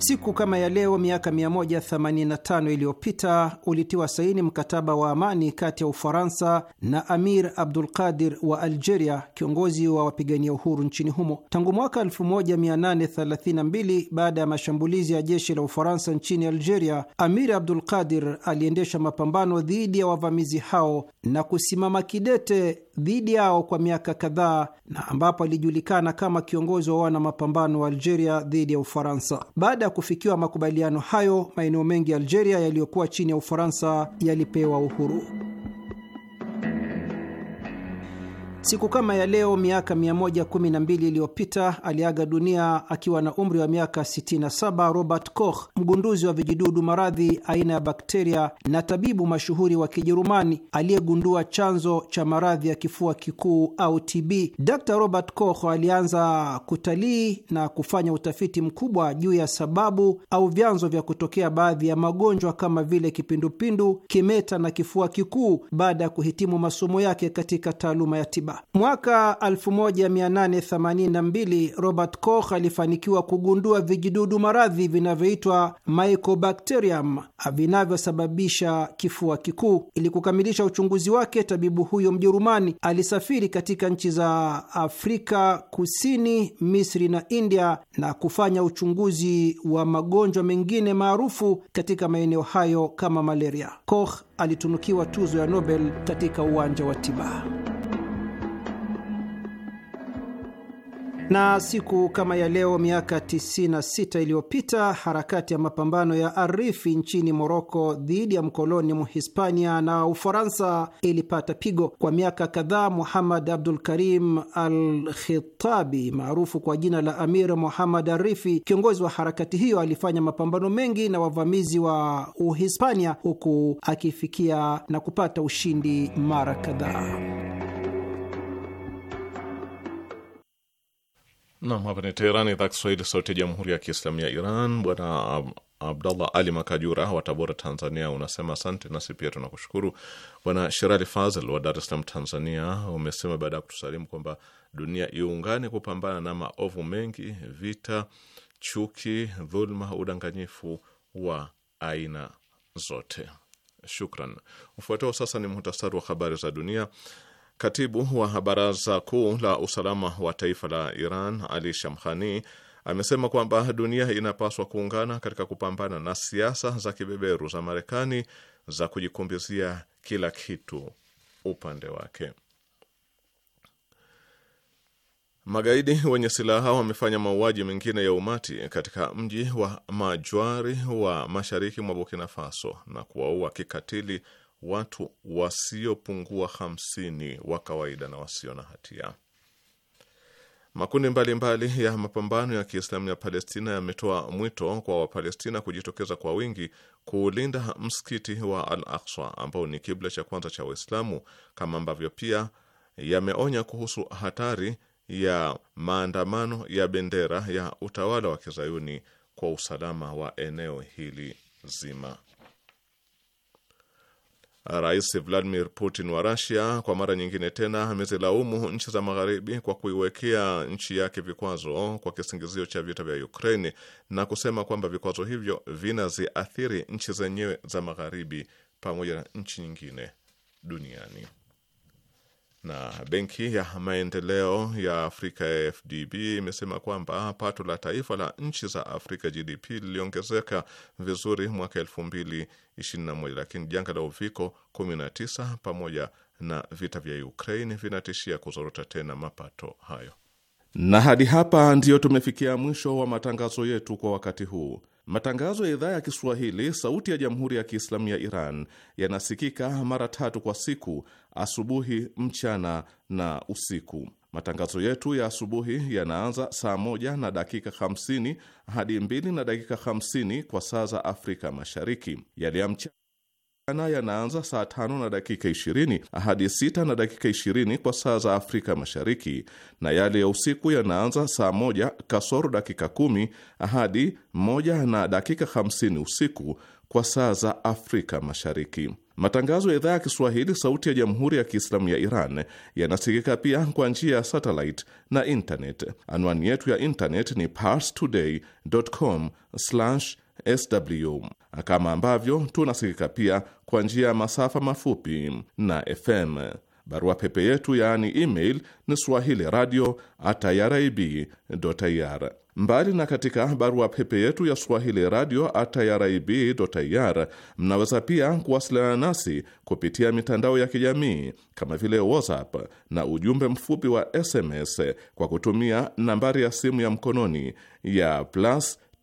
Speaker 3: Siku kama ya leo miaka 185 iliyopita ulitiwa saini mkataba wa amani kati ya Ufaransa na Amir Abdul Qadir wa Algeria, kiongozi wa wapigania uhuru nchini humo. Tangu mwaka 1832 baada ya mashambulizi ya jeshi la Ufaransa nchini Algeria, Amir Abdul Qadir aliendesha mapambano dhidi ya wavamizi hao na kusimama kidete dhidi yao kwa miaka kadhaa na ambapo alijulikana kama kiongozi wa wana mapambano wa Algeria dhidi ya Ufaransa. Baada ya kufikiwa makubaliano hayo, maeneo mengi ya Algeria yaliyokuwa chini ya Ufaransa yalipewa uhuru. Siku kama ya leo miaka 112 iliyopita aliaga dunia akiwa na umri wa miaka 67 Robert Koch, mgunduzi wa vijidudu maradhi aina ya bakteria na tabibu mashuhuri wa Kijerumani aliyegundua chanzo cha maradhi ya kifua kikuu au TB. Dr Robert Koch alianza kutalii na kufanya utafiti mkubwa juu ya sababu au vyanzo vya kutokea baadhi ya magonjwa kama vile kipindupindu, kimeta na kifua kikuu baada ya kuhitimu masomo yake katika taaluma ya tiba mapema. Mwaka 1882 Robert Koch alifanikiwa kugundua vijidudu maradhi vinavyoitwa mycobacterium vinavyosababisha kifua kikuu. Ili kukamilisha uchunguzi wake, tabibu huyo Mjerumani alisafiri katika nchi za Afrika Kusini, Misri na India na kufanya uchunguzi wa magonjwa mengine maarufu katika maeneo hayo kama malaria. Koch alitunukiwa tuzo ya Nobel katika uwanja wa tiba. Na siku kama ya leo miaka 96 iliyopita harakati ya mapambano ya Arifi nchini Moroko dhidi ya mkoloni Mhispania na Ufaransa ilipata pigo. Kwa miaka kadhaa, Muhammad Abdul Karim Al Khitabi maarufu kwa jina la Amir Muhammad Arifi, kiongozi wa harakati hiyo, alifanya mapambano mengi na wavamizi wa Uhispania huku akifikia na kupata ushindi mara kadhaa.
Speaker 1: Nam, hapa ni Teheran, idhaa Kiswahili, sauti ya jamhuri ya kiislamu ya Iran. Bwana Abdallah Ali Makajura wa Tabora, Tanzania, unasema asante, nasi pia tunakushukuru. Bwana Sherali Fazl wa Dar es Salaam, Tanzania, umesema baada ya kutusalimu kwamba dunia iungane kupambana na maovu mengi, vita, chuki, dhulma, udanganyifu wa aina zote. Shukran. Ufuatao sasa ni muhtasari wa habari za dunia. Katibu wa Baraza Kuu la Usalama wa Taifa la Iran Ali Shamkhani amesema kwamba dunia inapaswa kuungana katika kupambana na siasa za kibeberu za Marekani za kujikumbizia kila kitu upande wake. Magaidi wenye silaha wamefanya mauaji mengine ya umati katika mji wa Majwari wa mashariki mwa Burkina Faso na kuwaua kikatili watu wasiopungua hamsini wa kawaida na wasio na hatia. Makundi mbalimbali mbali ya mapambano ya Kiislamu ya Palestina yametoa mwito kwa Wapalestina kujitokeza kwa wingi kuulinda msikiti wa Al Aqsa ambao ni kibla cha kwanza cha Waislamu, kama ambavyo pia yameonya kuhusu hatari ya maandamano ya bendera ya utawala wa kizayuni kwa usalama wa eneo hili zima. Rais Vladimir Putin wa Russia kwa mara nyingine tena amezilaumu nchi za Magharibi kwa kuiwekea nchi yake vikwazo kwa kisingizio cha vita vya ukraini na kusema kwamba vikwazo hivyo vinaziathiri nchi zenyewe za Magharibi pamoja na nchi nyingine duniani. Na Benki ya Maendeleo ya Afrika ya FDB imesema kwamba pato la taifa la nchi za Afrika GDP liliongezeka vizuri mwaka moja, lakini janga la uviko 19 pamoja na vita vya Ukraine vinatishia kuzorota tena mapato hayo. Na hadi hapa ndiyo tumefikia mwisho wa matangazo yetu kwa wakati huu. Matangazo ya idhaa ya Kiswahili sauti ya jamhuri ya Kiislamu ya Iran yanasikika mara tatu kwa siku: asubuhi, mchana na usiku. Matangazo yetu ya asubuhi yanaanza saa moja na dakika 50 hadi mbili na dakika 50 kwa saa za Afrika Mashariki. Yale ya mchana na yanaanza saa tano na dakika ishirini hadi sita na dakika ishirini kwa saa za Afrika Mashariki, na yale ya usiku yanaanza saa moja kasoro dakika kumi hadi moja na dakika hamsini usiku kwa saa za Afrika Mashariki. Matangazo ya idhaa ya Kiswahili sauti ya Jamhuri ya Kiislamu ya Iran yanasikika pia kwa njia ya satellite na internet. Anwani yetu ya internet ni parstoday.com/ SW, kama ambavyo tunasikika pia kwa njia ya masafa mafupi na FM. Barua pepe yetu yaani email ni swahili radio at irib ir. Mbali na katika barua pepe yetu ya swahili radio at irib ir, mnaweza pia kuwasiliana nasi kupitia mitandao ya kijamii kama vile WhatsApp na ujumbe mfupi wa SMS kwa kutumia nambari ya simu ya mkononi ya plus